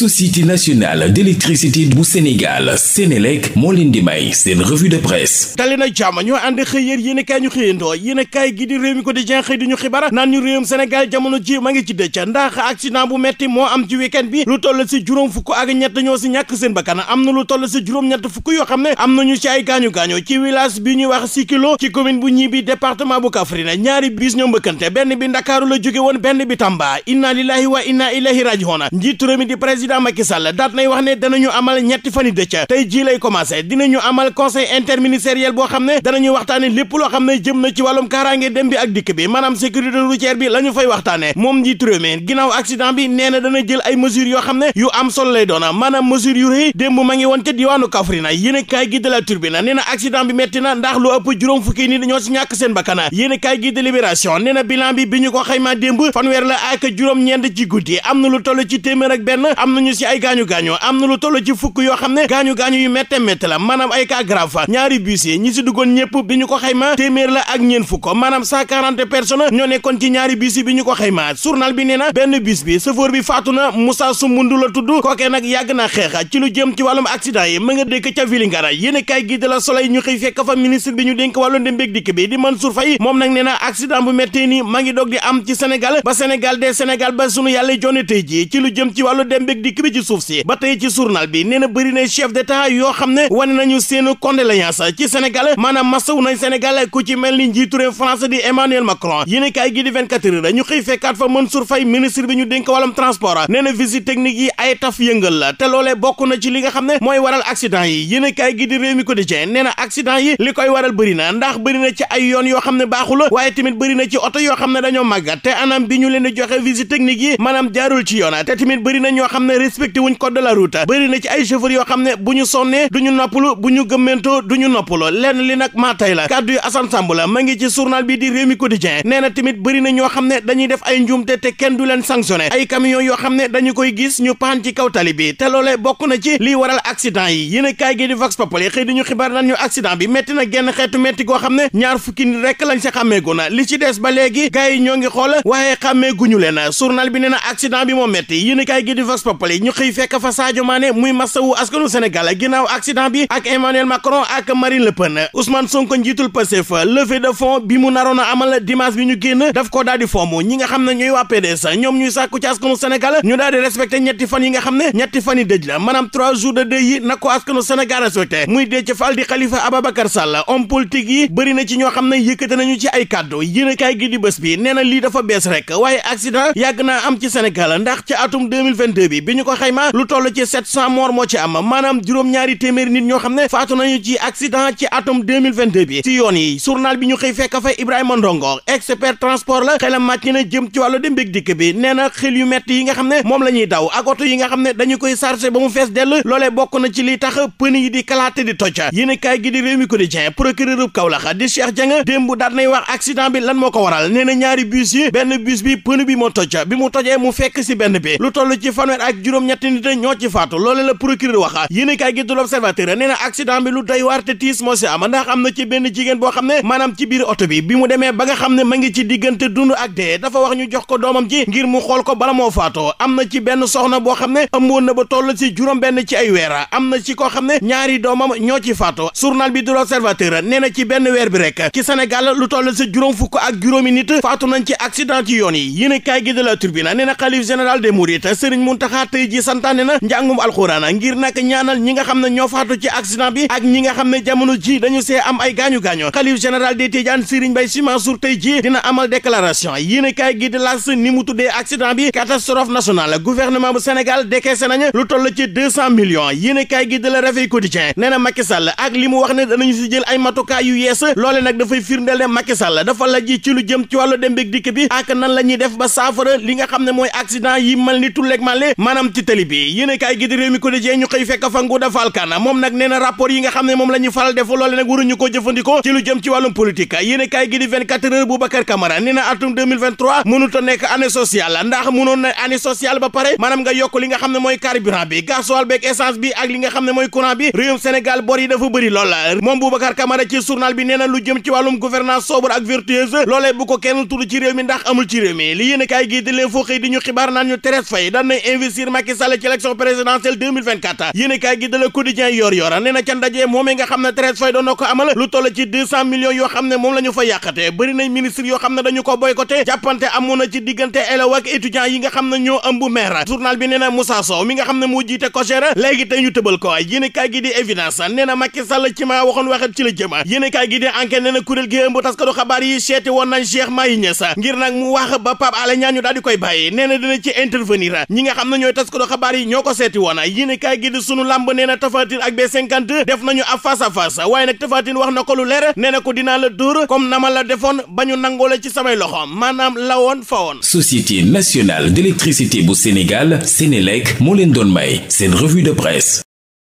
société nationale d'électricité bu Sénégal Sénélec moo leen di may seen revue de presse dali na jàmm ñoo ànd xëy yéer yéen i kaay ñu xëyandoo yéen i kaay gi di réew mi ko di jenxëy di ñu xibaar naan ñu réewum Sénégal jamono ji ma ngi ci dëcc ndax accident bu metti moo am ci week bi lu toll si juróom fukk ak ñett ñoo si ñàkk seen bakkan am na lu toll si juróom-ñett fukk yoo xam ne am nañu ci ay gaañu-gaañu ci village bi ñuy wax Sikilo ci commune bu Ñibi département bu Kaffrine ñaari bis ñoo bi Ndakaaru la woon benn bi wa inna ilayhi président Macky Sall daat nay wax ne danañu amal ñetti fan yi dëcc tey jii lay commencé dinañu amal conseil interministériel boo xam ne danañu waxtaane lépp loo xam ne jëm na ci wàllum kaaraange dem bi ak dikk bi maanaam sécurité routière bi la fay waxtaane moom njiitu réew ginnaaw accident bi nee na dana jël ay mesures yoo xam ne yu am solo lay doona maanaam mesures yu rëy démb ma ngi woon ca diwaanu Kaffrine yéen kaay gi de la Tribune nee na accident bi metti na nañu si ay gaañu-gaañu am na lu toll ay cas grave ñaari bus yi ñi si duggoon ñëpp bi ñu ko xayma téeméer la ak ñeen fukk maanaam cent quarante personnes ñoo nekkoon ci ñaari bus yi bi ñu ko xayma journal bi nee benn bus bi chauffeur bi faatu na Moussa Sumbundu la tudd kookee nag yàgg na xeex ci lu jëm ci wàllum accident yi ma nga dëkk ca Vélingara yéen kaay gi de ñu xëy fekk fa ministre bi ñu dénk wàllu ndem beeg di Mansour di am ci dikk bi ci suuf si ba tey ci journal bi nee bëri na chef d'état yoo xam ne wane nañu seen condoléance ci Sénégal maanaam masawu nañ Sénégal ku ci mel ni njiitu France di Emmanuel Macron yéen gi di 24 heures ñu xëy fekkaat fa Mansour Faye ministre bi ñu dénk wàllum transport nee na technique yi ay taf yëngal la te loolee bokk na ci li nga xam ne mooy waral accident yi yéen gi di réew mi quotidien nee na accident yi li koy respecté wuñ code de la route bëri na ci ay chauffeur yoo xam ne bu ñu sonnee du ñu noppalu bu ñu gëmmentoo du ñu noppalu lenn li nag maa tey la kàddu yu Assane la ma ngi ci bi di Rewmi Quotidien nee na tamit bëri na ñoo xam ne dañuy def ay njuumte te kenn du leen sanctionné ay camions yoo xam ne dañu koy gis ñu paan ci kaw tali bi te loolee bokk na ci lii waral accident yi yéen a kaay gi di Vox Populi xëy di ñu xibaar naan ñu accident bi métti na genn xeetu métti goo xam ne ñaar fukki rek lañ sa na li ci des ba léegi gars yi ñoo ngi xool waaye xàmmeeguñu leen journal bi nee na accident bi moo métti yéen a kaay gi noppale ñu xëy fekk fa Sadio Mané muy masawu askanu Sénégal ginnaaw accident bi ak Emmanuel Macron ak Marine Le Pen Ousmane Sonko njiitul Pastef levée de fonds bi mu naroon a amal dimanche bi ñu génn daf ko daal di fomm ñi nga xam ne ñooy waa PDS ñoom ñuy sàkku ci askanu Sénégal ñu daal di respecté ñetti fan yi nga xam ne ñetti fan yi dëj la maanaam trois jours de deuil yi na ko askanu Sénégal respecté muy Déthié Fall di Khalifa Ababacar Sall homme politique na ci ñoo xam ne yëkkate nañu ci ay kàddu yéen gi di bés bi nee na lii dafa bees rek waaye accident yàgg naa am ci Sénégal ndax ci atum 2022 bi bi ñu ko xayma lu toll ci 700 morts moo ci am maanaam juróom-ñaari téeméeri nit ñoo xam ne faatu nañu ci accident ci atum 2022 bi ci yoon yi journal bi ñu xëy fekk fa Ibrahima Ndongo expert transport la xelam màcc jëm ci wàllu dem beeg dikk bi nee na xel yu metti yi nga xam ne moom la ñuy daw ak oto yi nga xam ne dañu koy chargé ba mu fees dell loolee bokk na ci li tax pën yi di kalaate di toj yéen kaay gi di réew mi quotidien di Cheikh Dieng démb daat nay moo ko waral nee na ñaari bi pën bi moo toj mu tojee mu fekk si toll ak juróom-ñetti nit ñoo ci faatu loole la procureur wax yéen kaay gi du l'observateur nee na accident bi lu doy te tiis moo si am ndax am na ci benn jigéen boo xam ne maanaam ci biir oto bi bi mu demee ba nga xam ne ma ngi ci diggante dund ak dee dafa wax ñu jox ko doomam ji ngir mu xool ko bala moo faatoo am na ci benn soxna boo xam ne ëmboon na ba toll ci juróom benn ci ay weer am na ci koo xam ne ñaari doomam ñoo ci faatoo journal bi du l'observateur nee na ci benn weer bi rek ci Sénégal lu toll ci juróom fukk ak juróomi nit faatu nañ ci accident ci yoon yi yéen kaay gi de la Tribune nee na xalif général des Mourides Serigne Mountakha tey ji santaane na njàngum alxuraan ngir nag ñaanal ñi nga xam ne ñoo faatu ci accident bi ak ñi nga xam ne jamono ji dañu see am ay gaañu-gaañu xalif général des Tidiane Serigne Baye Sy Mansour ji dina amal déclaration yéene kaay gi di laas ni mu tuddee accident bi catastrophe nationale gouvernement bu Sénégal décaissé nañ lu toll ci deux cent millions yéene kaay gi di la réveil quotidien nee na Macky ak li mu wax ne danañu si jël ay matukaay yu yees loole nag dafay firndeel ne Macky Sall dafa la ji ci lu jëm ci wàllu dem beeg dikk bi nan la ñuy def ba saafara li nga xam ne mooy accident yi mal ni tulleeg male maanaam ci tëli bi yéen a kaay gi di la a kaay gi di 24 heures Boubacar Camara nee na atum 2023 ndax mënoon na année ba pare maanaam nga yokk li nga xam ne mooy carburant bi gasoil beeg essence bi ak li nga xam ne mooy courant bi réewum Sénégal bor yi bëri lool moom Boubacar Camara ci journal bi nee lu jëm ci wàllum gouvernance sobre ak vertueuse loolee bu ko kenn tudd ci réew mi ndax amul ci réew li yéen a kaay gi leen foo xëy di ñu xibaar naan ñu Thérèse Faye daan investir Macky Sall ci élection présidentielle 2024 yéen gi da la quotidien yor yora nee na ca ndaje moomee nga xam ne Thérèse Faye doon na ko amal lu toll ci 200 yoo xam ne moom la fa yàqate bëri ministre yoo xam ne dañu ko boycotté jàppante amoon na ci diggante élèves ak yi nga xam ne ñoo ëmb maire journal bi nee na Moussa mi nga xam ne moo jiite COJER léegi tey ñu tëbal ko yéen kaay gi gi di enquête nee na kuréel gi ëmb taskatu xabaar taskatu xabaar yi ñoo ko woon yéen kaay gi di sunu nee na Tafatine ak b def nañu ab face à face waaye nag Tafatine wax na ko lu leer nee na ko dinaa la dóor comme nama la defoon ba ñu nangoo la ci samay loxo maanaam lawoon fa woon. Société nationale d'électricité bu Sénégal Sénélec moo leen doon may seen revue de presse.